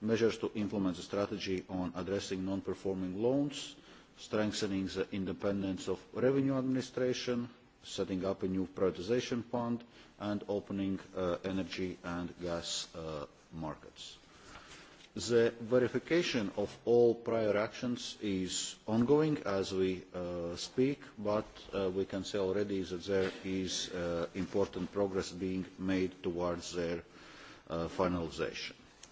measures to implement the strategy on addressing non-performing loans, strengthening the independence of revenue administration, setting up a new privatization fund, and opening uh, energy and gas uh, markets. The verification of all prior actions is ongoing as we uh, speak, but uh, we can say already that there is uh, important progress being made towards their uh, finalisation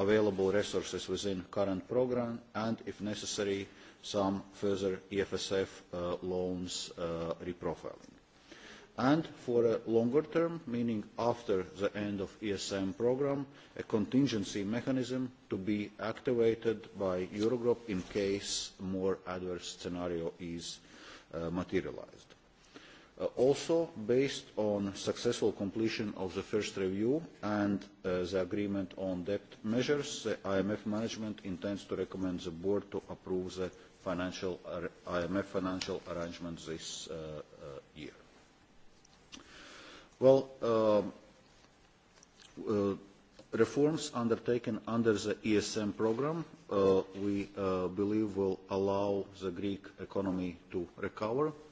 available resources within current programme and, if necessary, some further EFSF uh, loans uh, reprofiling. And for a longer term, meaning after the end of ESM programme, a contingency mechanism to be activated by Eurogroup in case more adverse scenario is uh, materialised. Uh, also based on successful completion of the first review and uh, the agreement on debt measures, the IMF management intends to recommend the board to approve the financial, IMF financial arrangements this uh, uh, year. Well, um, uh, reforms undertaken under the ESM program, we believe will allow the Greek economy to recover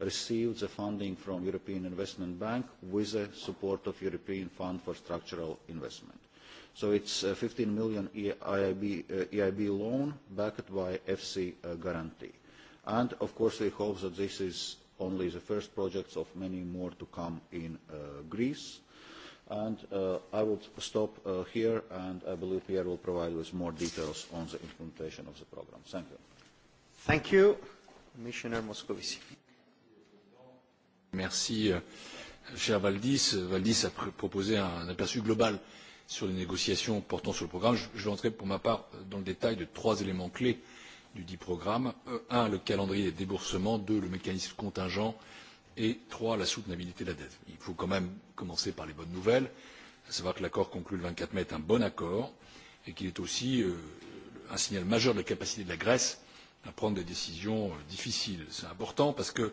received the funding from European Investment Bank with the support of European Fund for Structural Investment. So it's a 15 million EIB, uh, EIB loan backed by FC uh, guarantee. And of course we hope that this is only the first projects of many more to come in uh, Greece. And uh, I will stop uh, here, and I believe Pierre will provide with more details on the implementation of the program. Thank you. Thank you, Commissioner Moscovici. Merci, euh, cher Valdis. Valdis a proposé un aperçu global sur les négociations portant sur le programme. Je vais entrer pour ma part dans le détail de trois éléments clés dudit programme. Euh, un, le calendrier des déboursements. Deux, le mécanisme contingent. Et trois, la soutenabilité de la dette. Il faut quand même commencer par les bonnes nouvelles, à savoir que l'accord conclu le 24 mai est un bon accord et qu'il est aussi euh, un signal majeur de la capacité de la Grèce à prendre des décisions euh, difficiles. C'est important parce que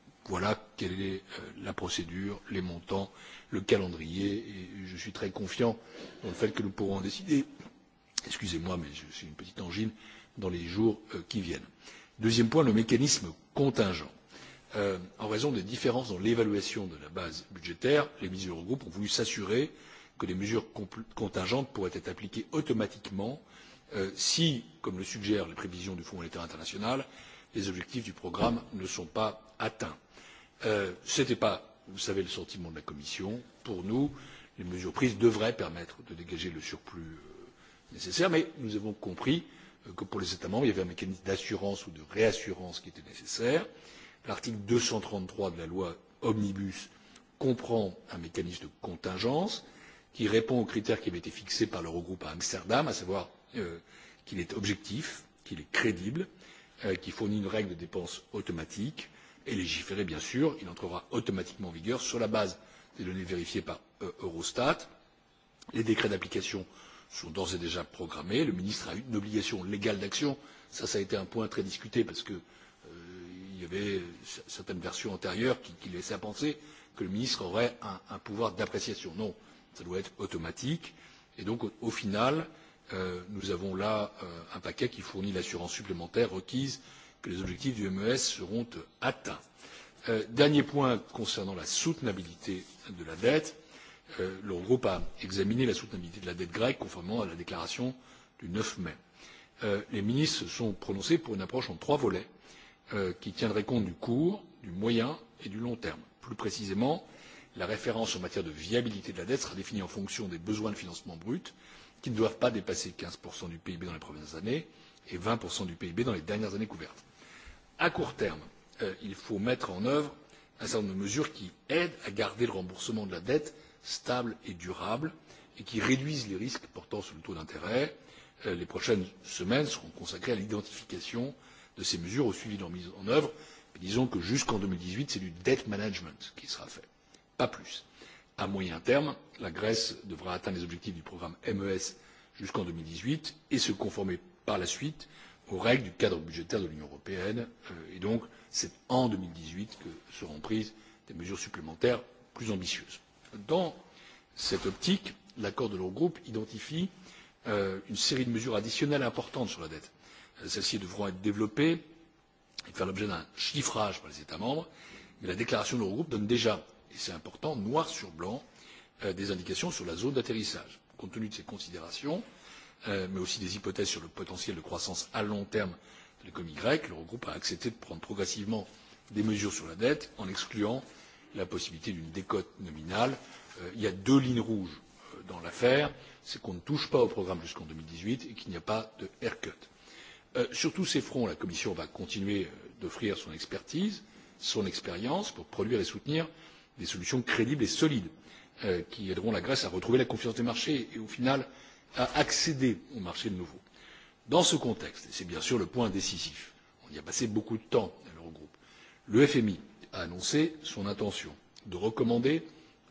voilà quelle est euh, la procédure les montants le calendrier et je suis très confiant dans le fait que nous pourrons en décider excusez moi mais j'ai une petite angine dans les jours euh, qui viennent. deuxième point le mécanisme contingent. Euh, en raison des différences dans l'évaluation de la base budgétaire les ministres de l'eurogroupe ont voulu s'assurer que des mesures contingentes pourraient être appliquées automatiquement si comme le suggèrent les prévisions du fonds monétaire international les objectifs du programme ne sont pas atteints. Euh, ce n'était pas vous savez le sentiment de la commission. pour nous les mesures prises devraient permettre de dégager le surplus euh, nécessaire mais nous avons compris euh, que pour les états membres il y avait un mécanisme d'assurance ou de réassurance qui était nécessaire. l'article deux cent trente trois de la loi omnibus comprend un mécanisme de contingence qui répond aux critères qui avaient été fixés par l'eurogroupe à amsterdam à savoir qu'il est objectif qu'il est crédible qu'il fournit une règle de dépenses automatique et légiférer bien sûr il entrera automatiquement en vigueur sur la base des données vérifiées par euh, eurostat. les décrets d'application sont d'ores et déjà programmés le ministre a une obligation légale d'action cela a été un point très discuté parce qu'il euh, y avait certaines versions antérieures qui laissaient à penser que le ministre aurait un, un pouvoir d'appréciation. non cela doit être automatique et donc au, au final euh, nous avons là euh, un paquet qui fournit l'assurance supplémentaire requise que les objectifs du mes seront euh, atteints. Euh, dernier point concernant la soutenabilité de la dette euh, l'eurogroupe a examiné la soutenabilité de la dette grecque conformément à la déclaration du neuf mai. les ministres se sont prononcés pour une approche en trois volets qui tiendrait compte du court du moyen et du long terme. plus précisément la référence en matière de viabilité de la dette sera définie en fonction des besoins de financement brut qui ne doivent pas dépasser quinze du pib dans les premières années et vingt du pib dans les dernières années couvertes à court terme euh, il faut mettre en œuvre un certain nombre de mesures qui aident à garder le remboursement de la dette stable et durable et qui réduisent les risques portant sur le taux d'intérêt. Euh, les prochaines semaines seront consacrées à l'identification de ces mesures au suivi de leur mise en œuvre mais disons que jusqu'en deux mille dix huit c'est du debt management qui sera fait pas plus. à moyen terme la grèce devra atteindre les objectifs du programme mes jusqu'en deux mille dix huit et se conformer par la suite aux règles du cadre budgétaire de l'union européenne euh, et donc c'est en deux mille dix huit que seront prises des mesures supplémentaires plus ambitieuses. dans cette optique l'accord de l'eurogroupe identifie euh, une série de mesures additionnelles importantes sur la dette. Euh, celles ci devront être développées et faire l'objet d'un chiffrage par les états membres mais la déclaration de l'eurogroupe donne déjà et c'est important noir sur blanc des indications sur la zone d'atterrissage. compte tenu de ces considérations Euh, mais aussi des hypothèses sur le potentiel de croissance à long terme de l'économie grecque l'eurogroupe a accepté de prendre progressivement des mesures sur la dette en excluant la possibilité d'une décote nominale. Euh, il y a deux lignes rouges euh, dans l'affaire c'est qu'on ne touche pas au programme jusqu'en deux mille dix huit et qu'il n'y a pas de haircut. sur tous ces fronts la commission va continuer d'offrir son expertise son expérience pour produire et soutenir des solutions crédibles et solides qui aideront la grèce à retrouver la confiance des marchés et au final à accéder aux marchés nouveaux. dans ce contexte et c'est bien sûr le point décisif on y a passé beaucoup de temps à l'eurogroupe le fmi a annoncé son intention de recommander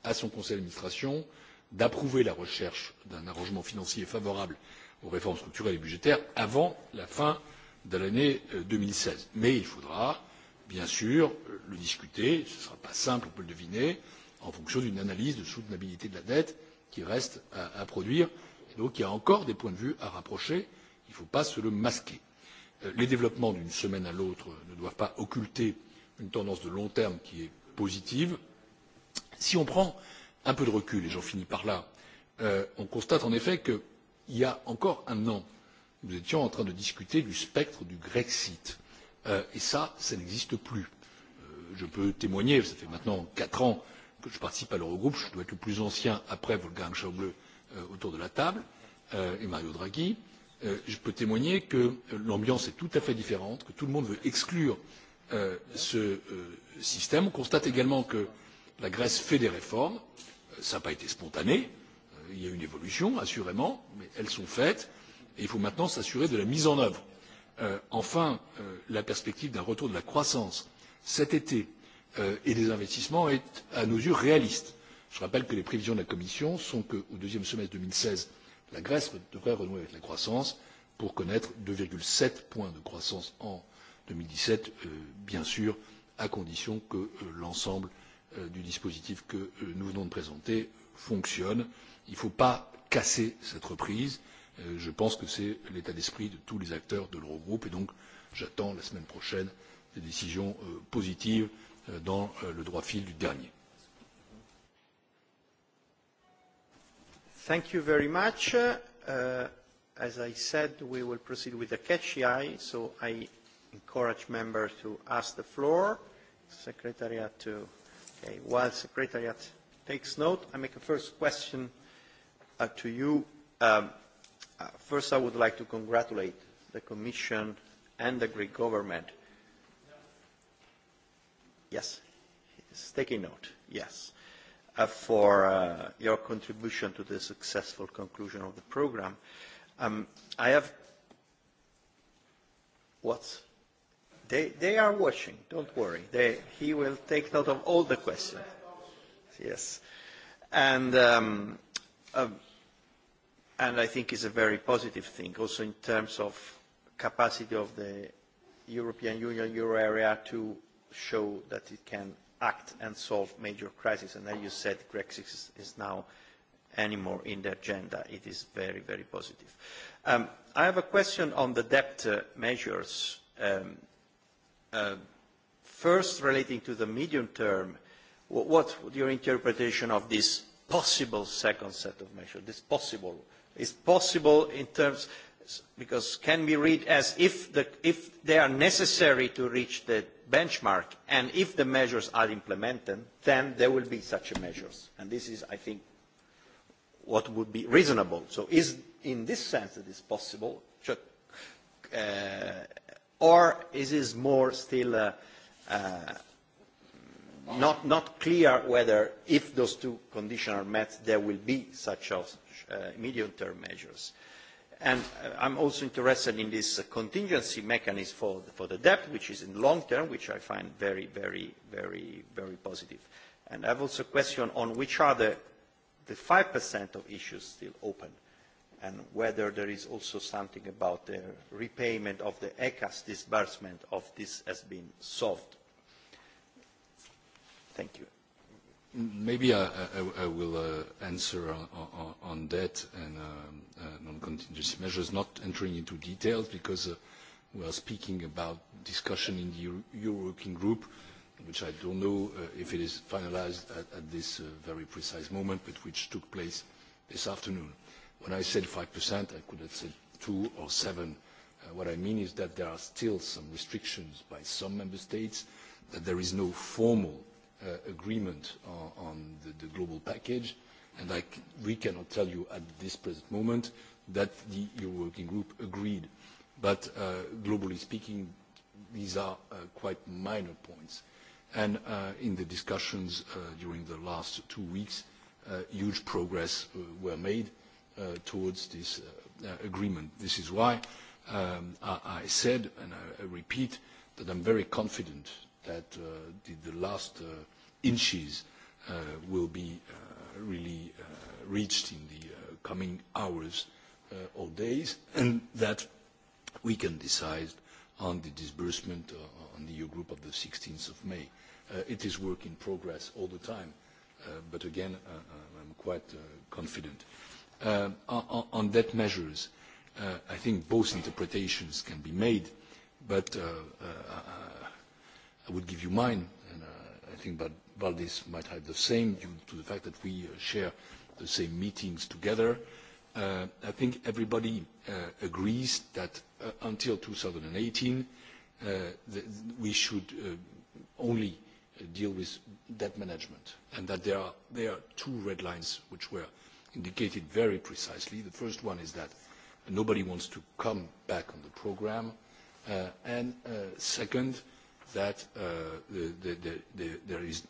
à son conseil d'administration d'approuver la recherche d'un arrangement financier favorable aux réformes structurelles et budgétaires avant la fin de l'année euh, deux mille seize mais il faudra bien sûr le discuter ce ne sera pas simple on peut le deviner en fonction d'une analyse de soutenabilité de la dette qui reste à produire donc il y a encore des points de vue à rapprocher il ne faut pas se le masquer. Euh, les développements d'une semaine à l'autre ne doivent pas occulter une tendance de long terme qui est positive. si on prend un peu de recul et j'en finis par là euh, on constate en effet qu'il y a encore un an nous étions en train de discuter du spectre du grexit euh, et ça ça n'existe plus. je peux témoigner cela fait maintenant quatre ans que je participe à l'eurogroupe je dois être le plus ancien après wolfgang schuble Euh, autour de la table euh, et mario draghi euh, je peux témoigner que l'ambiance est tout à fait différente que tout le monde veut exclure ce système. on constate également que la grèce fait des réformes cela n'a pas été spontané il y a eu une évolution assurément mais elles sont faites et il faut maintenant s'assurer de la mise en œuvre. enfin la perspective d'un retour de la croissance cet été et des investissements est à nos yeux réaliste je rappelle que les prévisions de la commission sont que, au deuxième semestre deux mille seize la grèce devrait renouer avec la croissance pour connaître deux sept points de croissance en deux mille dix sept euh, bien sûr à condition que euh, l'ensemble euh, du dispositif que nous venons de présenter fonctionne. il ne faut pas casser cette reprise je pense que c'est l'état d'esprit de tous les acteurs de l'eurogroupe et donc j'attends la semaine prochaine des décisions positives dans le droit fil du dernier. Thank you very much. Uh, uh, as I said, we will proceed with the catch eye, so I encourage members to ask the floor. Secretariat to, okay, while Secretariat takes note, I make a first question uh, to you. Um, uh, first, I would like to congratulate the Commission and the Greek government. Yes, it's taking note, yes. Uh, for uh, your contribution to the successful conclusion of the program. Um, I have... What? They, they are watching, don't worry. They, he will take note of all the questions. Yes. And, um, uh, and I think it's a very positive thing, also in terms of capacity of the European Union euro area to show that it can act and solve major crises. And as you said, Brexit is, is now anymore in the agenda. It is very, very positive. Um, I have a question on the debt uh, measures. Um, uh, first, relating to the medium term, what, what your interpretation of this possible second set of measures, this possible, is possible in terms, because can be read as if, the, if they are necessary to reach the benchmark and if the measures are implemented then there will be such measures and this is i think what would be reasonable so is in this sense it is possible uh, or is it more still uh, uh, not, not clear whether if those two conditions are met there will be such uh, medium term measures and uh, I'm also interested in this uh, contingency mechanism for the, for the debt, which is in long term, which I find very, very, very, very positive. And I have also a question on which are the, the 5% of issues still open and whether there is also something about the repayment of the ECAS disbursement of this has been solved. Thank you. Maybe I, I, I will uh, answer on, on, on that and um, uh, contingency measures, not entering into details because uh, we are speaking about discussion in the Euro European group, which I don't know uh, if it is finalized at, at this uh, very precise moment, but which took place this afternoon. When I said 5%, I could have said 2 or 7. Uh, what I mean is that there are still some restrictions by some member states, that there is no formal uh, agreement on, on the, the global package, and I we cannot tell you at this present moment that the EU working group agreed. But uh, globally speaking, these are uh, quite minor points. And uh, in the discussions uh, during the last two weeks, uh, huge progress uh, were made towards this agreement. This is why um, I, I, said, and I, I repeat, that I'm very confident that the, the, last inches will be really reached in the coming hours Uh, or days, and that we can decide on the disbursement uh, on the EU group of the 16th of May. Uh, it is work in progress all the time, but again, I'm quite confident. On debt measures, I think both interpretations can be made, but I would give you mine, and I think Valdis might have the same due to the fact that we share the same meetings together. Uh, I think everybody uh, agrees that uh, until until 2018, and eighteen we should only deal with debt management and that there are, two red lines which were indicated very precisely. The first one is that nobody wants to come back on the programme. and second, that there is,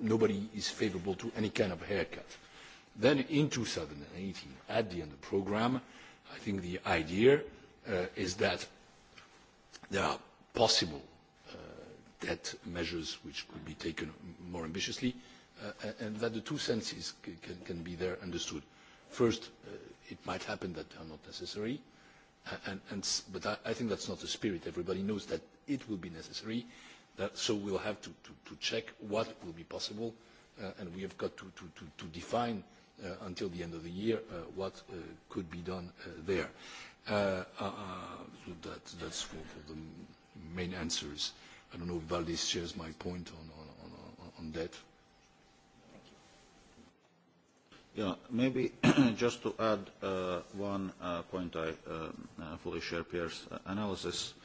nobody is favourable to any kind of haircut Then in 2018, at the end of the programme, I think the idea uh, is that there are possible uh, debt measures which could be taken more ambitiously, uh, and that the two senses can, can be there understood. First, uh, it might happen that they are not necessary, and, and, but I, I think that's not the spirit. Everybody knows that it will be necessary, that, so we'll have to, to, to check what will be possible, uh, and we have got to, to define Uh, until the end of the year uh, what uh, could be done there. So that, that's for, for the main answers. I don't know if Valdis shares my point on, on, on, on that. Yeah, maybe just to add uh, one uh, point I um, uh, fully share Pierre's analysis. Uh,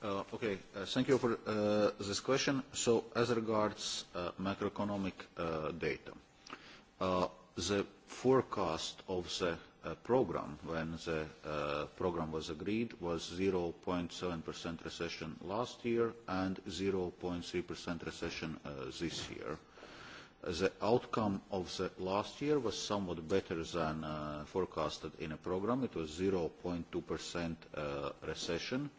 Uh, okay, uh, thank you for uh, this question. So as regards uh, macroeconomic uh, data, uh, the forecast of the uh, program when the uh, program was agreed was 0.7% recession last year and 0.3% recession uh, this year. The outcome of the last year was somewhat better than uh, forecasted in a program. It was 0.2% uh, recession. Uh,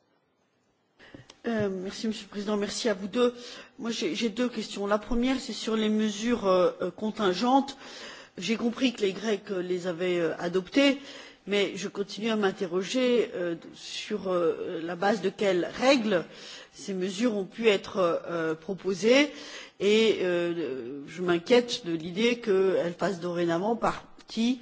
Euh, Monsieur le Président. Merci à vous deux. j'ai deux questions. La première, c'est sur les mesures euh, euh, contingentes. J'ai compris que les Grecs les avaient adoptées, mais je continue à m'interroger sur la base de quelles règles ces mesures ont pu être proposées et je m'inquiète de l'idée qu'elles fassent dorénavant partie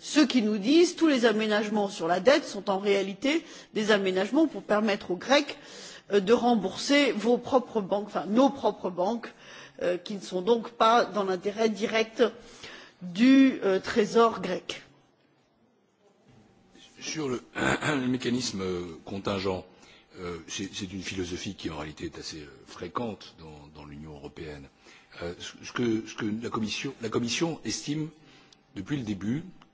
ceux qui nous disent que tous les aménagements sur la dette sont en réalité des aménagements pour permettre aux grecs euh, de rembourser vos propres banques, enfin, nos propres banques euh, qui ne sont donc pas dans l'intérêt direct du euh, trésor grec. sur le, le mécanisme contingent c'est une philosophie qui en réalité est assez fréquente dans, dans l'union européenne. ce que, ce que la, commission, la commission estime depuis le début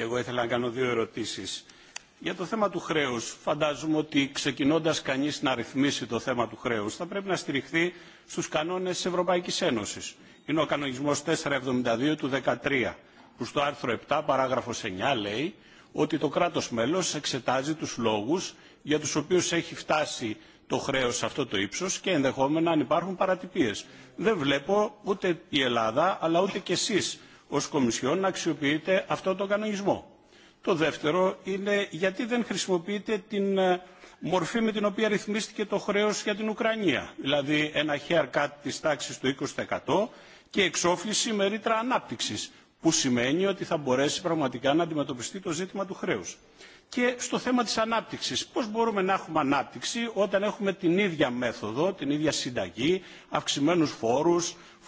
και εγώ ήθελα να κάνω δύο ερωτήσει. Για το θέμα του χρέου, φαντάζομαι ότι ξεκινώντα κανεί να ρυθμίσει το θέμα του χρέου, θα πρέπει να στηριχθεί στου κανόνε τη Ευρωπαϊκή Ένωση. Είναι ο κανονισμό 472 του 2013, που στο άρθρο 7, παράγραφο 9, λέει ότι το κράτο μέλο εξετάζει του λόγου για του οποίου έχει φτάσει το χρέο σε αυτό το ύψο και ενδεχόμενα αν υπάρχουν παρατυπίε. Δεν βλέπω ούτε η Ελλάδα αλλά ούτε κι εσεί ως Κομισιόν να αξιοποιείτε αυτό το κανονισμό. Το δεύτερο είναι γιατί δεν χρησιμοποιείτε την μορφή με την οποία ρυθμίστηκε το χρέος για την Ουκρανία. Δηλαδή ένα haircut της τάξης του 20% και εξόφληση με ρήτρα ανάπτυξης που σημαίνει ότι θα μπορέσει πραγματικά να αντιμετωπιστεί το ζήτημα του χρέους. Και στο θέμα της ανάπτυξης, πώς μπορούμε να έχουμε ανάπτυξη όταν έχουμε την ίδια μέθοδο, την ίδια συνταγή, αυξημένους φόρους,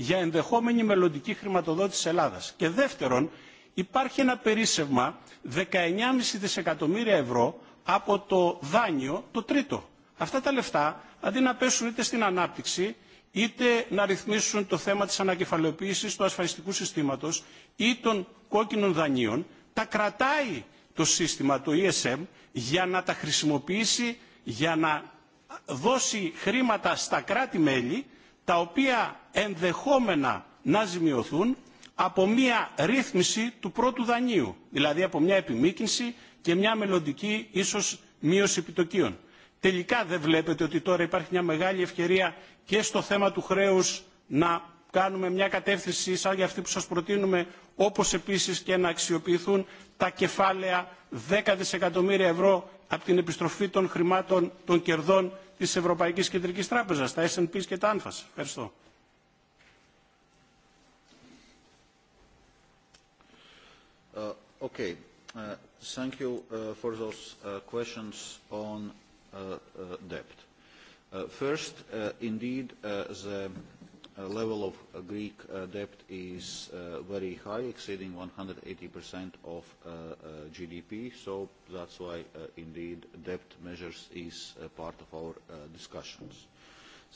για ενδεχόμενη μελλοντική χρηματοδότηση της Ελλάδας. Και δεύτερον, υπάρχει ένα περίσσευμα 19,5 δισεκατομμύρια ευρώ από το δάνειο το τρίτο. Αυτά τα λεφτά, αντί να πέσουν είτε στην ανάπτυξη, είτε να ρυθμίσουν το θέμα της ανακεφαλαιοποίησης του ασφαλιστικού συστήματος ή των κόκκινων δανείων, τα κρατάει το σύστημα, το ESM, για να τα χρησιμοποιήσει, για να δώσει χρήματα στα κράτη-μέλη τα οποία ενδεχόμενα να ζημιωθούν από μια ρύθμιση του πρώτου δανείου, δηλαδή από μια επιμήκυνση και μια μελλοντική ίσως μείωση επιτοκίων. Τελικά δεν βλέπετε ότι τώρα υπάρχει μια μεγάλη ευκαιρία και στο θέμα του χρέους να κάνουμε μια κατεύθυνση σαν για αυτή που σας προτείνουμε, όπως επίσης και να αξιοποιηθούν τα κεφάλαια 10 δισεκατομμύρια ευρώ από την επιστροφή των χρημάτων των κερδών της Ευρωπαϊκής Κεντρικής Τράπεζας, τα S&P και τα ANFAS. Ευχαριστώ. Uh, okay. Uh, thank you uh, for those uh, questions on uh, uh, debt. Uh, first, uh, indeed, uh, the Uh, level of uh, Greek uh, debt is very high, exceeding 180% of GDP, so that's why indeed debt measures is part of our discussions.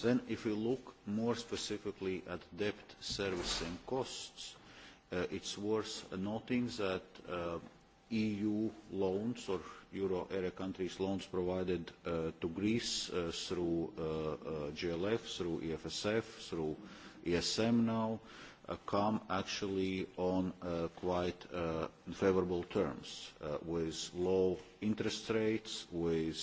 Then if we look more specifically at debt servicing costs, it's worth noting that EU loans or euro area countries loans provided uh, to Greece uh, through uh, uh GLF, through EFSF, through ESM now uh, come actually on uh, quite favourable terms with low interest rates, with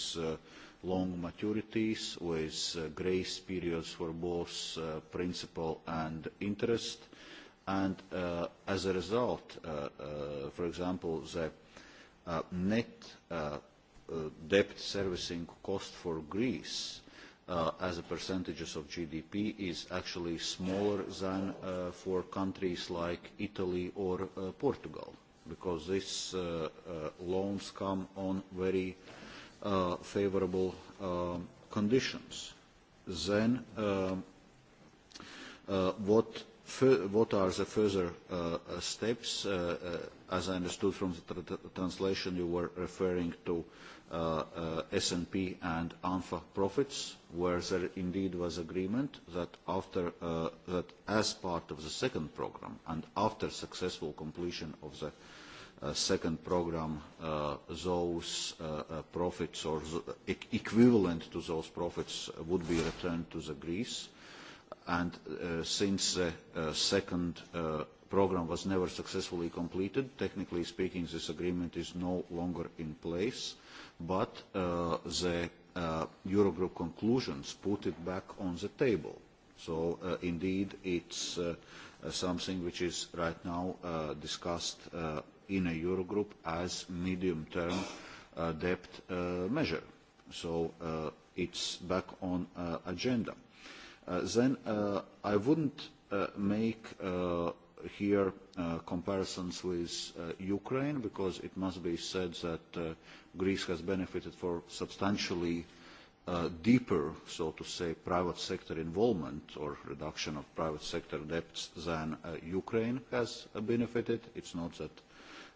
long maturities, with grace periods for both principal and interest. And as a result, for example, the Uh, net uh, uh, debt servicing cost for Greece Uh, as a percentage of GDP is actually smaller than uh, for countries like Italy or uh, Portugal because these loans come on very favourable um, conditions. Then um, what, what, are the further steps as I understood from the tra translation, you were referring to uh, uh, S&P and ANFA profits, where there indeed was agreement that, after, uh, that as part of the second program and after successful completion of the uh, second program, uh, those uh, uh profits or the equivalent to those profits uh, would be returned to the Greece. And uh, since the second program was never successfully completed. Technically speaking, this agreement is no longer in place, but uh, the uh, Eurogroup conclusions put it back on the table. So uh, indeed, it's uh, uh, something which is right now uh, discussed uh, in a Eurogroup as medium-term uh, debt uh, measure. So uh, it's back on uh, agenda. Uh, then uh, I wouldn't uh, make uh, here uh, comparisons with uh, Ukraine, because it must be said that uh, Greece has benefited for substantially deeper, so to say, private sector involvement or reduction of private sector debts than Ukraine has benefited. It's not that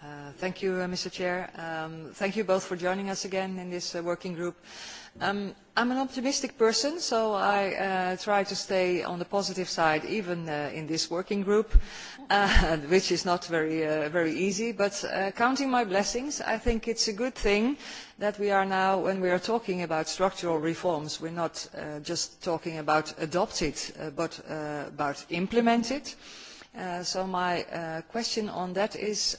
Uh, thank you, uh, Mr. Chair. Um, thank you both for joining us again in this uh, working group. i um, I'm an optimistic person, so I try to stay on the positive side, even in this working group, which is not very, very easy. But counting my blessings, I think it's a good thing that we are now, when we are talking about structural reforms, we're not just talking about adopted, but about implemented. so my question on that is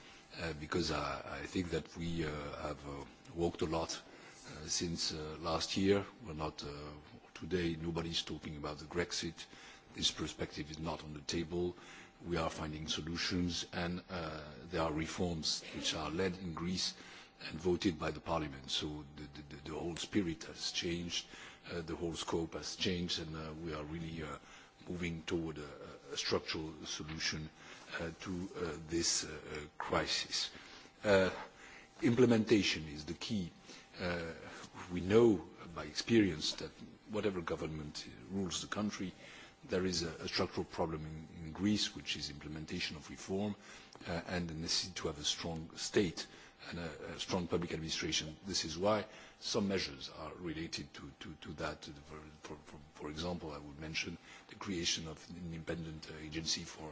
Uh, because I, I think that we uh, have uh, worked a lot since last year. We're not today, nobody's talking about the Grexit. This perspective is not on the table. We are finding solutions, and there are reforms which are led in Greece and voted by the parliament. So the, the, the whole spirit has changed, uh, the whole scope has changed, and uh, we are really uh, moving toward a, a structural solution Uh, to uh, this uh, crisis. implementation is the key. we know by experience that whatever government rules the country, there is a, a structural problem in, in, Greece, which is implementation of reform uh, and the necessity to have a strong state and a, a, strong public administration. This is why some measures are related to, to, to that. For, for, for, example, I would mention the creation of an independent agency for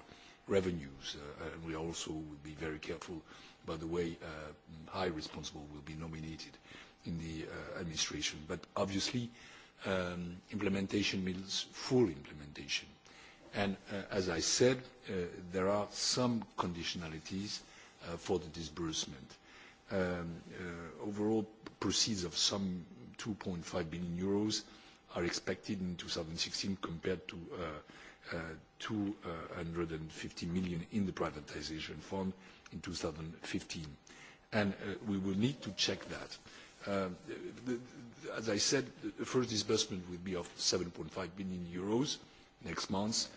revenues. Uh, and we also will be very careful about the way uh, high responsible will be nominated in the uh, administration. But obviously, um, implementation means full implementation. And uh, as I said, uh, there are some conditionalities uh, for the disbursement. Um, uh, overall proceeds of some 2.5 billion euros are expected in 2016 compared to uh, 250 uh, million in the privatization fund in 2015. Uh, we will need to check that. Um, as I said, the first disbursement will be of 7.5 billion euros next month.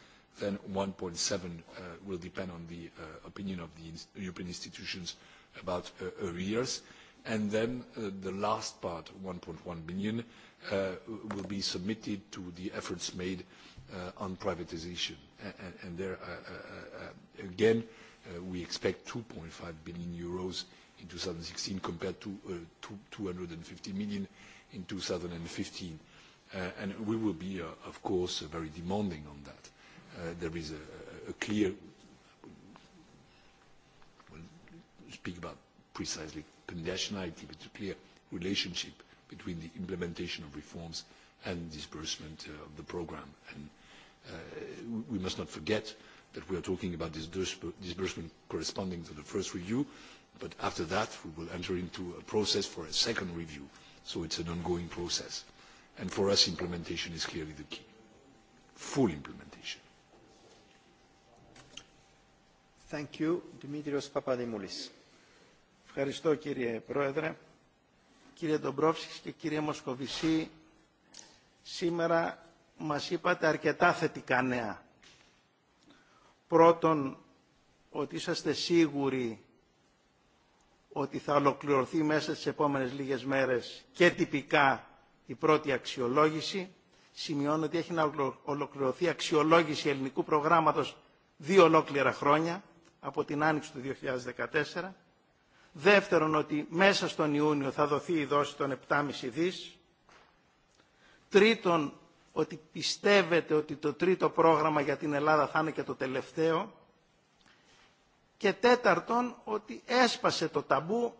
Then 1.7 billion uh, will depend on the opinion of the European institutions about arrears. then the last part, 1.1 billion, will be submitted to the efforts made Uh, on privatisation And, there, uh, uh, again, we expect 2.5 billion euros in 2016 compared to, 250 million in 2015. And we will be, of course, very demanding on that. There is a, clear, we'll speak about precisely conditionality, but a clear relationship between the implementation of reforms and disbursement of the program And Uh, we must not forget that we are talking about disbursement corresponding to the first review, but after that we will enter into a process for a second review. So it's an ongoing process. And for us, implementation is clearly the key. Full implementation. Thank you. Dimitrios Papadimoulis. Ευχαριστώ κύριε Πρόεδρε. Κύριε Ντομπρόφσκης και κύριε Μοσκοβισή, σήμερα μας είπατε αρκετά θετικά νέα. Πρώτον, ότι είσαστε σίγουροι ότι θα ολοκληρωθεί μέσα στις επόμενες λίγες μέρες και τυπικά η πρώτη αξιολόγηση. Σημειώνω ότι έχει να ολοκληρωθεί αξιολόγηση ελληνικού προγράμματος δύο ολόκληρα χρόνια, από την άνοιξη του 2014. Δεύτερον, ότι μέσα στον Ιούνιο θα δοθεί η δόση των 7,5 δις. Τρίτον, ότι πιστεύετε ότι το τρίτο πρόγραμμα για την Ελλάδα θα είναι και το τελευταίο και τέταρτον ότι έσπασε το ταμπού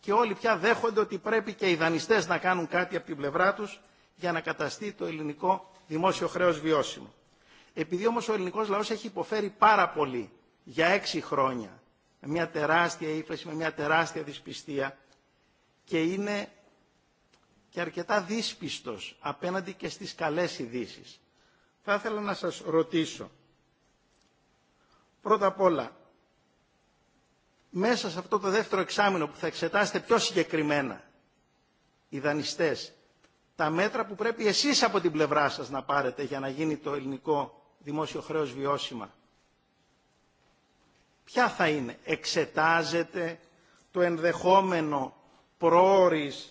και όλοι πια δέχονται ότι πρέπει και οι δανειστές να κάνουν κάτι από την πλευρά τους για να καταστεί το ελληνικό δημόσιο χρέος βιώσιμο. Επειδή όμως ο ελληνικός λαός έχει υποφέρει πάρα πολύ για έξι χρόνια, με μια τεράστια ύφεση, με μια τεράστια δυσπιστία και είναι και αρκετά δύσπιστος απέναντι και στις καλές ειδήσει. Θα ήθελα να σας ρωτήσω, πρώτα απ' όλα, μέσα σε αυτό το δεύτερο εξάμεινο που θα εξετάσετε πιο συγκεκριμένα, οι δανειστές, τα μέτρα που πρέπει εσείς από την πλευρά σας να πάρετε για να γίνει το ελληνικό δημόσιο χρέος βιώσιμα, ποια θα είναι, εξετάζετε το ενδεχόμενο προώρης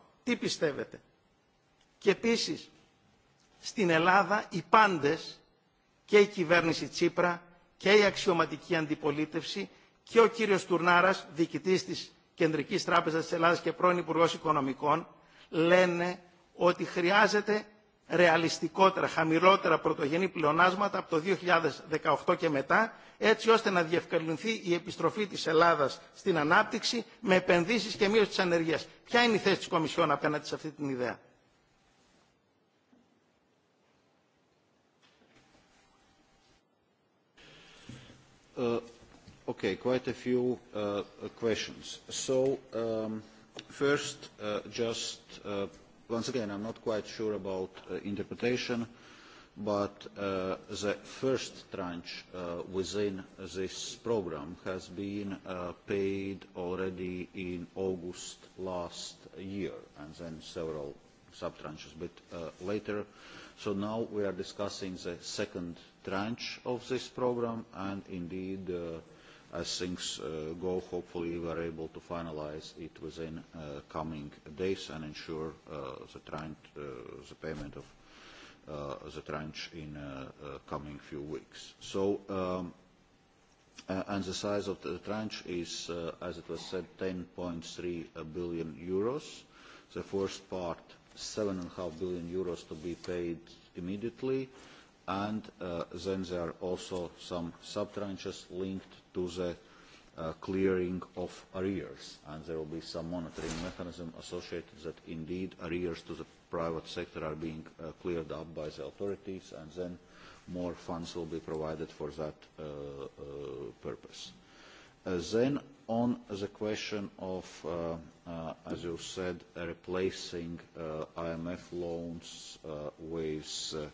Τι πιστεύετε. Και επίση, στην Ελλάδα οι πάντες, και η κυβέρνηση Τσίπρα και η αξιωματική αντιπολίτευση και ο κύριος Τουρνάρας, διοικητής της Κεντρικής Τράπεζας της Ελλάδας και πρώην Υπουργός Οικονομικών, λένε ότι χρειάζεται ρεαλιστικότερα, χαμηλότερα πρωτογενή πλεονάσματα από το 2018 και μετά, έτσι ώστε να διευκολυνθεί η επιστροφή της Ελλάδας στην ανάπτυξη με επενδύσεις και μείωση της ανεργίας. Ποια είναι η θέση της Κομισιόν απέναντι σε αυτή την ιδέα. Uh, okay, quite a few uh, questions. So, um, first, uh, just uh, once again, I'm not quite sure about uh, interpretation, but uh, the first tranche uh, within this program has been uh, paid already in August last year, and then several sub-tranches a bit uh, later. So now we are discussing the second tranche of this program, and indeed uh, as things uh, go, hopefully we are able to finalize it within uh, coming days and ensure uh, the, trend, uh, the payment of uh, the tranche in uh, uh, coming few weeks. So, um, uh, and the size of the tranche is, uh, as it was said, 10.3 billion euros. The first part, 7.5 billion euros to be paid immediately, and uh, then there are also some sub-tranches linked to the uh, clearing of arrears. And there will be some monitoring mechanism associated that indeed arrears to the private sector are being uh, cleared up by the authorities and then more funds will be provided for that uh, uh, purpose. Uh, then on the question of, uh, uh, as you said, uh, replacing uh, IMF loans uh, with uh,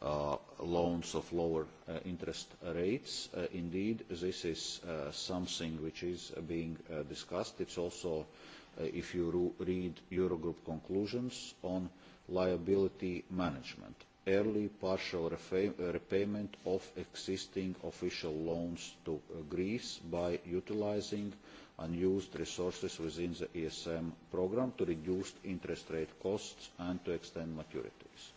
Uh, loans of lower uh, interest rates. Uh, indeed, this is uh, something which is uh, being uh, discussed. It's also, if you read Eurogroup conclusions on liability management, early partial repayment of existing official loans to Greece by utilizing unused resources within the ESM program to reduce interest rate costs and to extend maturities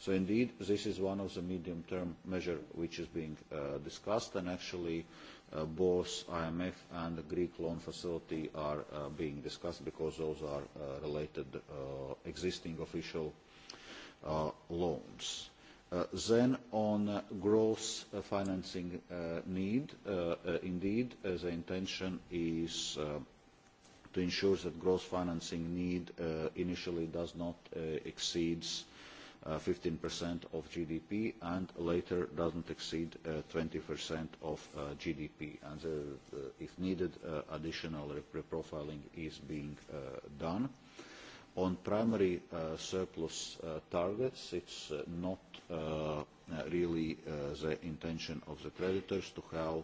So indeed, this is one of the medium-term measures which is being uh, discussed, and actually uh, both IMF and the Greek loan facility are uh, being discussed because those are uh, related uh, existing official uh, loans. Uh, then on uh, gross uh, financing uh, need, uh, uh, indeed, the intention is to ensure that gross financing need initially does not exceeds 15% uh, of GDP and later doesn't exceed uh, 20% of uh, GDP. And the, uh, uh, if needed, uh, additional reprofiling is being uh, done. On primary uh, surplus uh, targets, it's uh, not uh, really uh, the intention of the creditors to have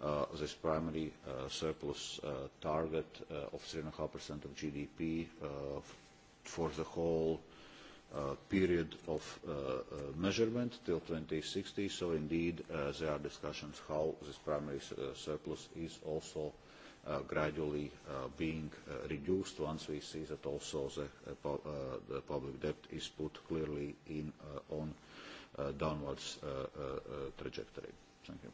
Uh, this primary uh, surplus uh, target of 3.5% of GDP for the whole Uh, period of uh, uh, measurement till 2060. So indeed, uh, there are discussions how this primary uh, surplus is also gradually being reduced once we see that also the, pu the public debt is put clearly in on downwards trajectory. Thank you.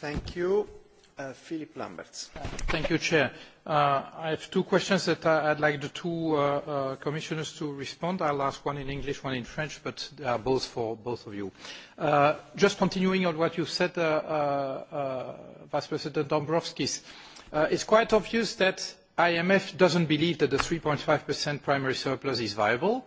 Thank you. Uh, Philip Lamberts. Thank you, Chair. Uh, I have two questions that I, I'd like the two uh, uh, commissioners to respond. I'll ask one in English, one in French, but they are both for both of you. Uh, just continuing on what you said, Vice President Dombrovskis, uh, it's quite obvious that IMF doesn't believe that the 3.5% primary surplus is viable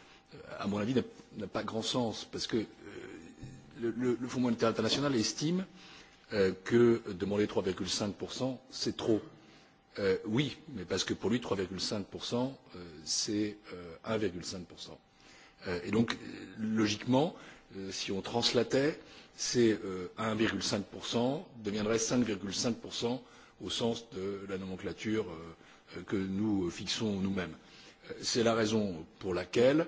à mon avis, n'a pas grand sens, parce que euh, le, Fonds monétaire international estime euh, que demander trois cinq c'est trop. Euh, oui mais parce que pour lui trois cinq c'est un cinq et donc logiquement si on translatait ces un cinq deviendrait cinq cinq au sens de la nomenclature que nous fixons nous mêmes. c'est la raison pour laquelle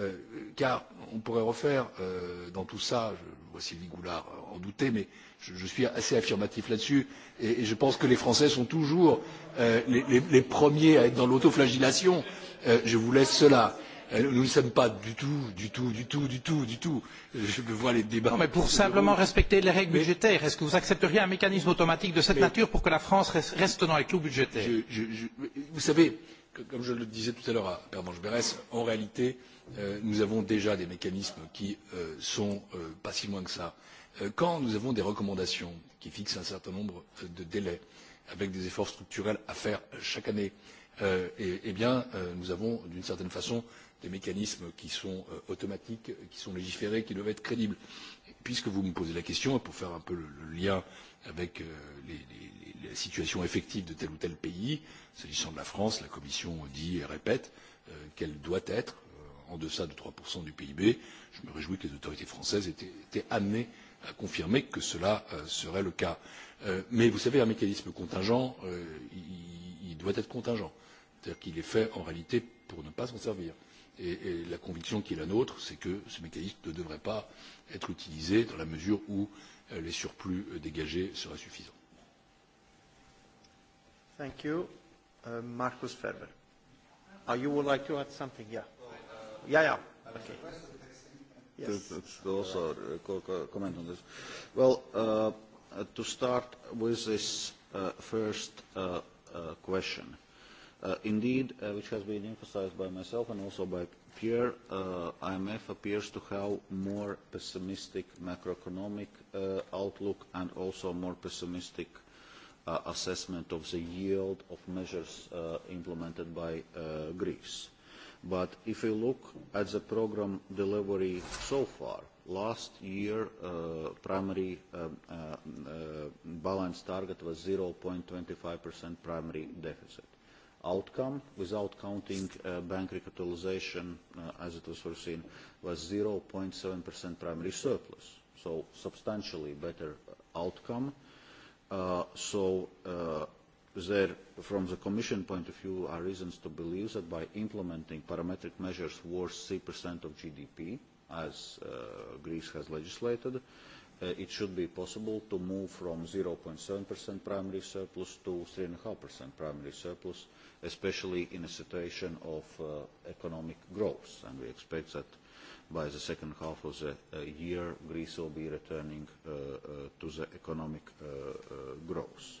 Euh, car on pourrait refaire euh, dans tout cela je vois sylvie goulard euh, en douter mais je, suis assez affirmatif là dessus et, je pense que les français sont toujours les, premiers à être dans l'autoflagellation je vous laisse cela nous ne sommes pas du tout, du tout, du tout, du tout, du tout. Je vois les débats. Non, mais pour simplement respecter les règles mais, budgétaires, est-ce que vous accepteriez un mécanisme automatique de cette mais, nature pour que la France reste dans les clous budgétaires je, je, je, Vous savez, euh, comme je le disais tout à l'heure à pervenche berès en réalité euh, nous avons déjà des mécanismes qui ne euh, sont euh, pas si loin que cela. quand nous avons des recommandations qui fixent un certain nombre de délais avec des efforts structurels à faire chaque année eh bien nous avons d'une certaine façon des mécanismes qui sont automatiques qui sont légiférés qui doivent être crédibles. puisque vous me posez la question et pour faire un peu le lien avec euh, les, les, la situation effective de tel ou tel pays. S'agissant de la France, la Commission dit et répète euh, qu'elle doit être euh, en deçà de 3% du PIB. Je me réjouis que les autorités françaises aient été amenées à confirmer que cela serait le cas. Mais vous savez, un mécanisme contingent, il, doit être contingent. C'est-à-dire qu'il est fait en réalité pour ne pas s'en servir. Et, et la conviction qui est la nôtre, c'est que ce mécanisme ne devrait pas être utilisé dans la mesure où Euh, les surplus euh, dégagés seraient suffisants. Thank you. Uh, Markus Ferber. Oh, you would like to add something? Yeah. Yeah, yeah. Okay. Yes. Also, uh, a comment on this. Well, uh, uh, to start with this uh, first uh, uh, question, uh, indeed, uh, which has been emphasized by myself and also by Here, uh, IMF appears to have more pessimistic macroeconomic uh, outlook and also more pessimistic uh, assessment of the yield of measures uh, implemented by uh, Greece. But if you look at the program delivery so far, last year uh, primary um, uh, uh, balance target was 0.25% primary deficit outcome without counting uh, bank recapitalization uh, as it was foreseen was 0.7% primary surplus. So substantially better outcome. Uh, so uh, there, from the Commission point of view, are reasons to believe that by implementing parametric measures worth 3% of GDP, as uh, Greece has legislated, uh, it should be possible to move from 0.7% primary surplus to 3.5% primary surplus, especially in a situation of uh, economic growth. And we expect that by the second half of the uh, year, Greece will be returning uh, uh, to the economic uh, uh, growth.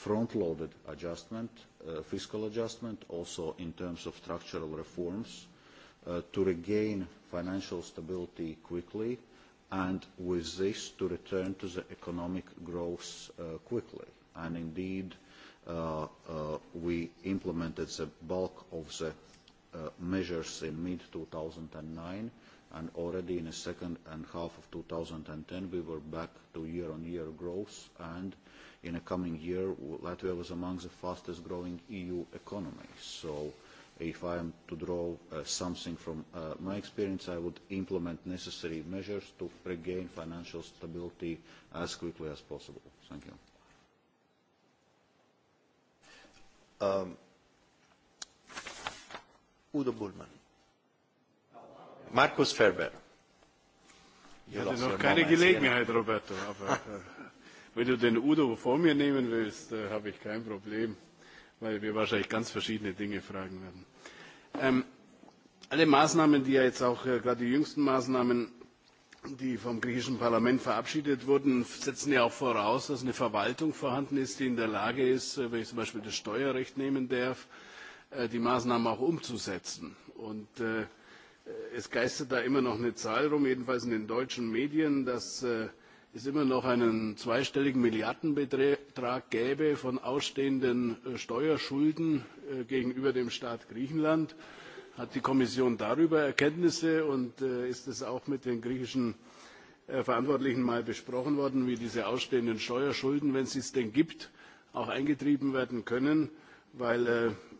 front-loaded adjustment, uh, fiscal adjustment, also in terms of structural reforms, uh, to regain financial stability quickly, and with this to return to the economic growth uh, quickly. And indeed, uh, uh, we implemented the bulk of the uh, measures in mid-2009, and already in the second and half of 2010, we were back to year-on-year -year growth and uh, in the coming year, Latvia was among the fastest growing EU economies. So if I am to draw uh, something from uh, my experience, I would implement necessary measures to regain financial stability as quickly as possible. Thank you. Um, Udo Bullman. Markus Ferber. Ich hatte noch keine Gelegenheit, Roberto, aber Wenn du den Udo vor mir nehmen willst, äh, habe ich kein Problem, weil wir wahrscheinlich ganz verschiedene Dinge fragen werden. Ähm, alle Maßnahmen, die ja jetzt auch äh, gerade die jüngsten Maßnahmen, die vom griechischen Parlament verabschiedet wurden, setzen ja auch voraus, dass eine Verwaltung vorhanden ist, die in der Lage ist, äh, wenn ich zum Beispiel das Steuerrecht nehmen darf, äh, die Maßnahmen auch umzusetzen. Und äh, äh es geistert da immer noch eine Zahl rum, jedenfalls in den deutschen Medien, dass äh, es immer noch einen zweistelligen Milliardenbetrag gäbe von ausstehenden äh, Steuerschulden äh, gegenüber dem Staat Griechenland. Hat die Kommission darüber Erkenntnisse und äh, ist es auch mit den griechischen Verantwortlichen mal besprochen worden, wie diese ausstehenden Steuerschulden, wenn es sie denn gibt, auch eingetrieben werden können? Weil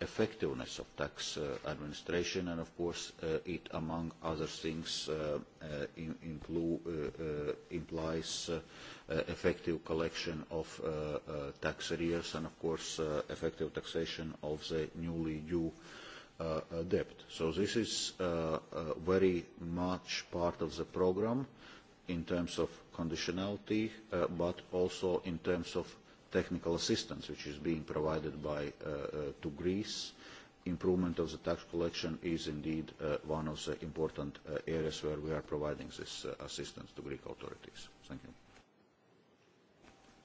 effectiveness of tax uh, administration and of course uh, it among other things uh, uh in, uh, uh, implies effective collection of tax arrears and of course effective taxation of the newly due debt. So this is very much part of the program, in terms of conditionality but also in terms of technical assistance which is being provided by, uh, uh, to Greece. Improvement of the tax collection is indeed uh, one of the important areas where we are providing this assistance to Greek authorities. Thank you.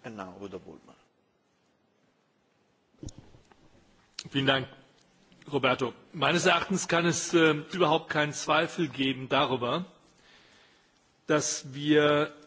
And now Udo Bullman. Vielen Dank, Roberto. Meines Erachtens kann es äh, überhaupt keinen Zweifel geben darüber, dass wir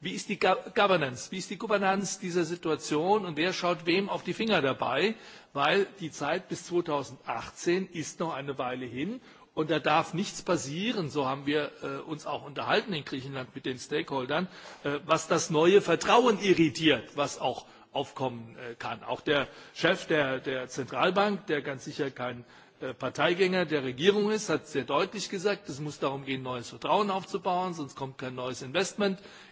Wie ist die Governance? Wie ist die Governance dieser Situation und wer schaut wem auf die Finger dabei? Weil die Zeit bis 2018 ist noch eine Weile hin und da darf nichts passieren. So haben wir äh, uns auch unterhalten in Griechenland mit den Stakeholdern, äh, was das neue Vertrauen irritiert, was auch aufkommen äh, kann. Auch der Chef der, der Zentralbank, der ganz sicher kein äh, Parteigänger der Regierung ist, hat sehr deutlich gesagt, es muss darum gehen, neues Vertrauen aufzubauen, sonst kommt kein neues Investment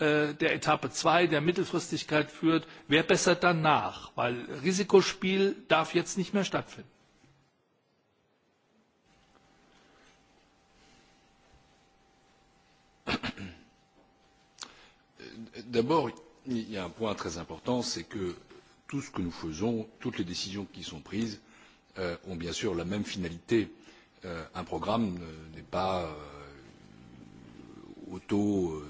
Äh, der Etappe 2 der Mittelfristigkeit führt, wer bessert dann nach? Weil Risikospiel darf jetzt nicht mehr stattfinden. Äh, d'abord, il y a un point très important, c'est que tout ce que nous faisons, toutes les décisions qui sont prises euh, ont bien sûr la même finalité. Euh, un programme euh, n'est pas euh, auto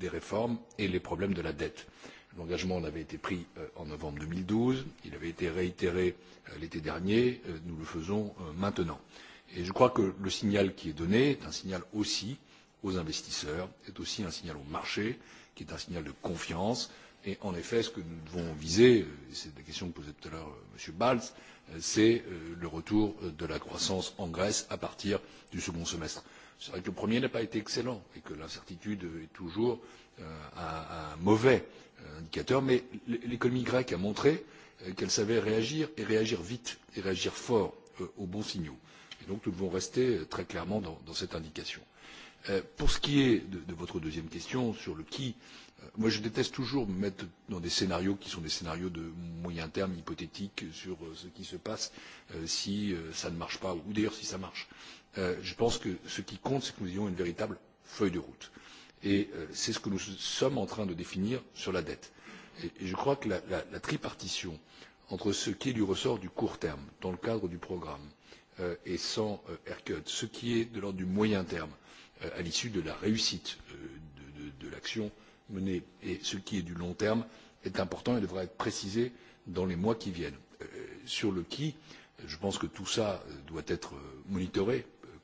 des réformes et les problèmes de la dette. l'engagement en avait été pris euh, en novembre deux mille douze il avait été réitéré euh, l'été dernier euh, nous le faisons maintenant et je crois que le signal qui est donné est un signal aussi aux investisseurs est aussi un signal aux marchés qui est un signal de confiance et en effet ce que nous devons viser c'est la question que posait tout à l'heure m. balz c'est le retour de la croissance en grèce à partir du second semestre c'est vrai que le premier n'a pas été excellent et que l'incertitude est toujours euh, un, mauvais euh, indicateur mais l'économie grecque a montré euh, qu'elle savait réagir et réagir vite et réagir fort aux bons signaux et donc nous devons rester très clairement dans, cette indication. pour ce qui est de votre deuxième question sur le qui moi je déteste toujours me mettre dans des scénarios qui sont des scénarios de moyen terme hypothétiques sur ce qui se passe si ça ne marche pas ou d'ailleurs si ça marche Euh, je pense que ce qui compte c'est que nous ayons une véritable feuille de route et euh, c'est ce que nous sommes en train de définir sur la dette. Et je crois que la, tripartition entre ce qui est du ressort du court terme dans le cadre du programme euh, et sans euh, haircut ce qui est de l'ordre du moyen terme à l'issue de la réussite de l'action menée et ce qui est du long terme est important et devra être précisé dans les mois qui viennent. sur le qui je pense que tout cela doit être monitoré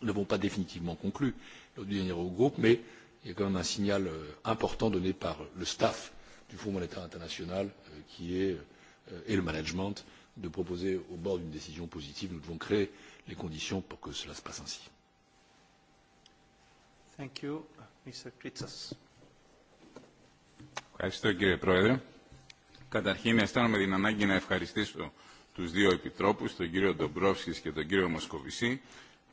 nous l'avons pas définitivement conclu lors du dernier eurogroupe mais il y a quand même un signal euh, important donné par le staff du fonds monétaire international euh, euh, et le management de proposer au bord d'une décision positive. nous devons créer les conditions pour que cela se passe ainsi. Ευχαριστώ κύριε Πρόεδρε. Καταρχήν αισθάνομαι την ανάγκη να ευχαριστήσω τους δύο επιτρόπους, τον κύριο Ντομπρόφσκης και τον κύριο Μοσκοβισή,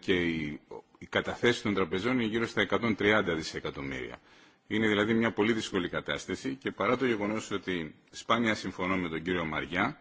και οι, οι καταθέσει των τραπεζών είναι γύρω στα 130 δισεκατομμύρια. Είναι δηλαδή μια πολύ δύσκολη κατάσταση και παρά το γεγονός ότι σπάνια συμφωνώ με τον κύριο Μαριά,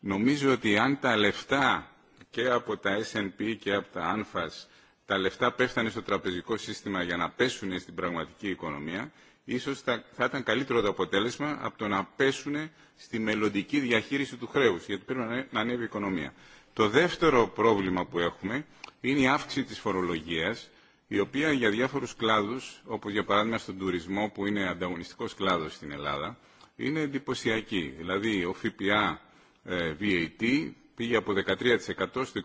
νομίζω ότι αν τα λεφτά και από τα S&P και από τα ANFAS τα λεφτά πέφτανε στο τραπεζικό σύστημα για να πέσουν στην πραγματική οικονομία, ίσως θα, θα ήταν καλύτερο το αποτέλεσμα από το να πέσουν στη μελλοντική διαχείριση του χρέους, γιατί πρέπει να, να ανέβει η οικονομία. Το δεύτερο πρόβλημα που έχουμε είναι η αύξηση της φορολογίας, η οποία για διάφορους κλάδους, όπως για παράδειγμα στον τουρισμό που είναι ανταγωνιστικός κλάδος στην Ελλάδα, είναι εντυπωσιακή. Δηλαδή ο ΦΠΑ ε, VAT πήγε από 13% στο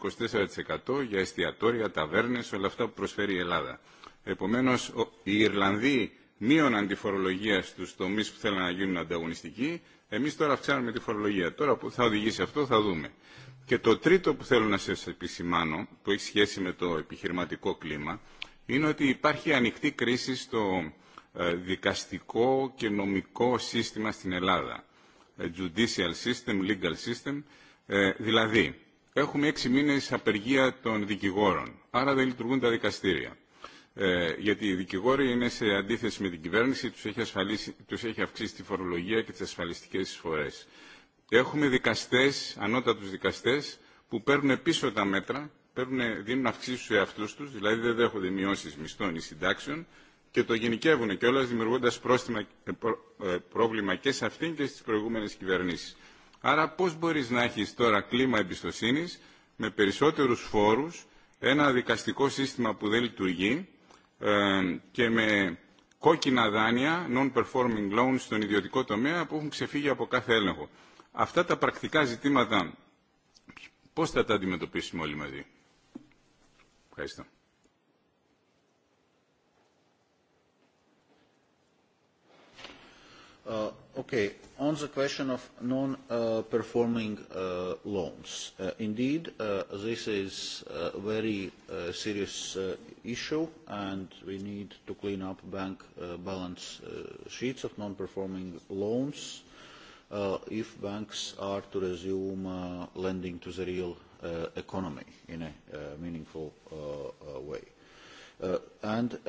24% για εστιατόρια, ταβέρνες, όλα αυτά που προσφέρει η Ελλάδα. Επομένως, οι Ιρλανδοί μείωναν τη φορολογία στους τομείς που θέλουν να γίνουν ανταγωνιστικοί, εμείς τώρα αυξάνουμε τη φορολογία. Τώρα που θα οδηγήσει αυτό θα δούμε. Και το τρίτο που θέλω να σας επισημάνω, που έχει σχέση με το επιχειρηματικό κλίμα, είναι ότι υπάρχει ανοιχτή κρίση στο δικαστικό και νομικό σύστημα στην Ελλάδα. Judicial system, legal system. Δηλαδή, έχουμε έξι μήνες απεργία των δικηγόρων, άρα δεν λειτουργούν τα δικαστήρια. Ε, γιατί οι δικηγόροι είναι σε αντίθεση με την κυβέρνηση, τους έχει, ασφαλίσει, τους έχει αυξήσει τη φορολογία και τις ασφαλιστικές εισφορές. Έχουμε δικαστές, ανώτατους δικαστές, που παίρνουν πίσω τα μέτρα, παίρνουν, δίνουν αυξήσεις στους εαυτούς τους, δηλαδή δεν δέχονται μειώσεις μισθών ή συντάξεων και το γενικεύουν κιόλα δημιουργώντας πρόστιμα, προ, ε, πρόβλημα και σε αυτήν και στις προηγούμενες κυβερνήσεις. Άρα πώς μπορείς να έχεις τώρα κλίμα εμπιστοσύνης με περισσότερους φόρους, ένα δικαστικό σύστημα που δεν λειτουργεί, και με κόκκινα δάνεια, non-performing loans στον ιδιωτικό τομέα που έχουν ξεφύγει από κάθε έλεγχο. Αυτά τα πρακτικά ζητήματα πώς θα τα αντιμετωπίσουμε όλοι μαζί. Ευχαριστώ. Uh, okay, on the question of non-performing uh, loans, uh, indeed, this is a very serious issue, and we need to clean up bank balance sheets of non-performing loans if banks are to resume lending to the real economy in a meaningful way. and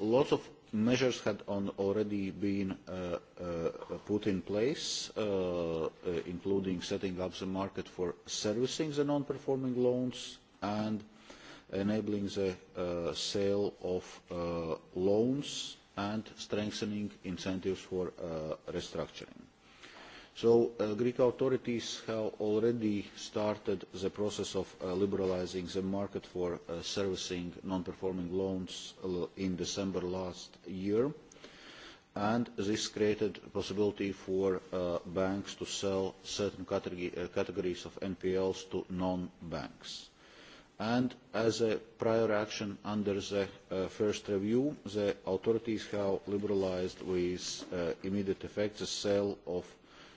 lots of measures had on already been uh, uh, put in place, uh, uh, including setting up the market for servicing the non-performing loans and enabling the uh, sale of uh, loans and strengthening incentives for restructuring. So uh, Greek authorities have already started the process of liberalising uh, liberalizing the market for uh, servicing non-performing loans in December last year. And this created a possibility for banks to sell certain categories of NPLs to non-banks. And as a prior action under the first review, the authorities have liberalized with immediate effect the sale of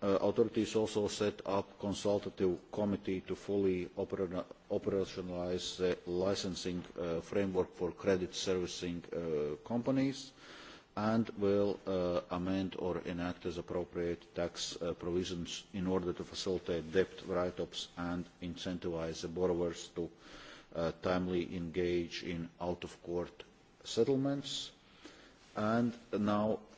Uh, authorities also set up a consultative committee to fully operationalise the licensing uh, framework for credit servicing uh, companies and will uh, amend or enact as appropriate tax uh, provisions in order to facilitate debt write-ups and incentivise the borrowers to timely engage in out-of-court settlements. And now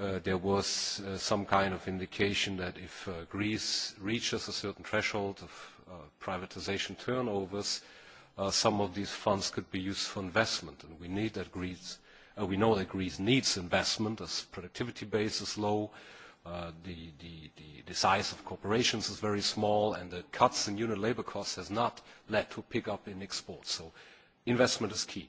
Uh, there was uh, some kind of indication that if uh, Greece reaches a certain threshold of uh, privatization turnovers, uh, some of these funds could be used for investment. And we need that Greece, uh, we know that Greece needs investment as productivity base is low, uh, the, the, the, the size of corporations is very small, and the cuts in unit labor costs has not led to a pickup in exports. So investment is key.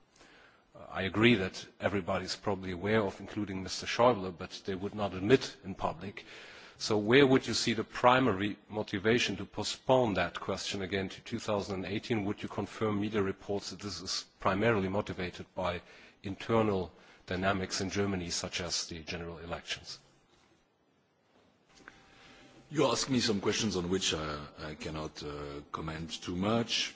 I agree that everybody is probably aware of, including Mr. Schäuble, but they would not admit in public. So where would you see the primary motivation to postpone that question again to 2018? Would you confirm media reports that this is primarily motivated by internal dynamics in Germany, such as the general elections? You ask me some questions on which I, I cannot uh, comment too much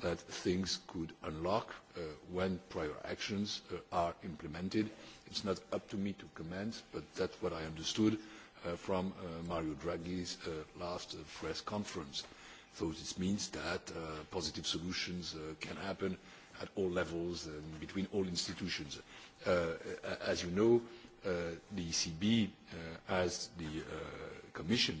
that things could unlock uh, when prior actions uh, are implemented. It's not up to me to comment, but that's what I understood uh, from uh, Mario Draghi's uh, last uh, press conference. So this means that positive solutions can happen at all levels and between all institutions. as you know, the ECB, as the Commission,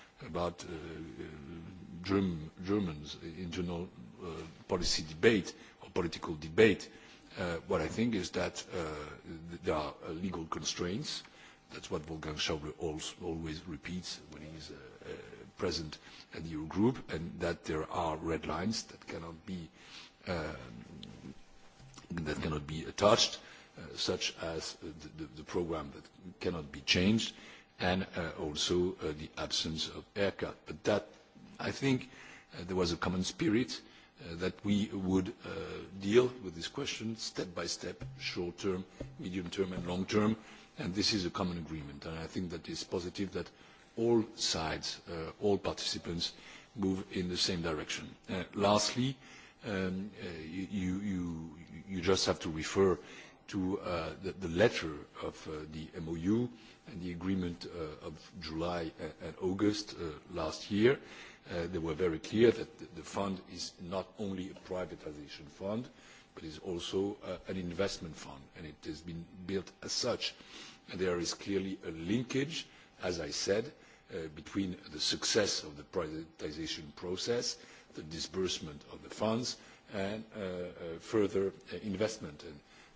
about uh, Germ Germans' internal uh, policy debate or political debate, uh, what I think is that uh, there are uh, legal constraints. That's what Wolfgang Schäuble always repeats when he is uh, present at the Eurogroup, and that there are red lines that cannot be, um, that cannot be touched, such as the, the, the program that cannot be changed and uh, also uh, the absence of haircut. But that, I think, uh, there was a common spirit that we would deal with this question step by step, short term, medium term and long term, and this is a common agreement. And I think that it's positive that all sides, all participants move in the same direction. Lastly, um, you just have to refer to uh, the, letter of uh, the MOU and the agreement uh, of July and August last year. They were very clear that the, fund is not only a privatization fund, but is also an investment fund, and it has been built as such. there is clearly a linkage, as I said, between the success of the privatization process, the disbursement of the funds, and further investment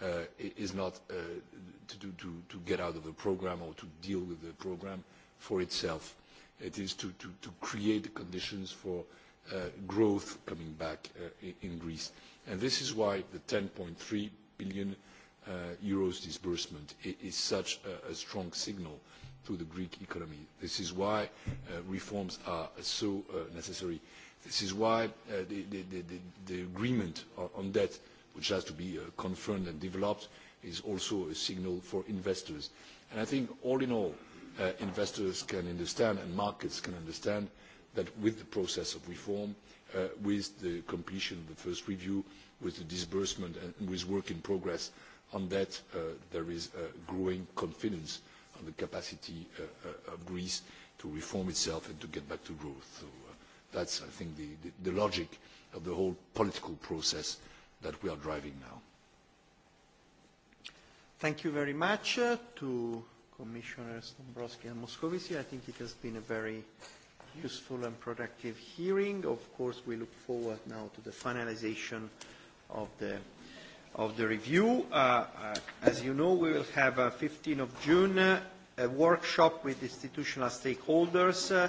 Uh, is not uh, to, get out of the programme or to deal with the programme for itself. It is to, to, to create the conditions for uh, growth coming back in Greece. And this is why the 10.3 billion uh, euros disbursement is such a, a strong signal to the Greek economy. This is why uh, reforms are so uh, necessary. This is why the, the, the, the agreement on, on debt which has to be uh, confirmed and developed, is also a signal for investors. And I think all in all, uh, investors can understand and markets can understand that with the process of reform, uh, with the completion of the first review, with the disbursement and with work in progress on that, there is growing confidence on the capacity of Greece to reform itself and to get back to growth. So that's, I think, the, the, the logic of the whole political process that we are driving now. Thank you very much uh, to Commissioners Dombrovskis and Moscovici. I think it has been a very useful and productive hearing. Of course, we look forward now to the finalization of the of the review. Uh, uh, as you know, we will have uh, 15 of June uh, a workshop with institutional stakeholders uh,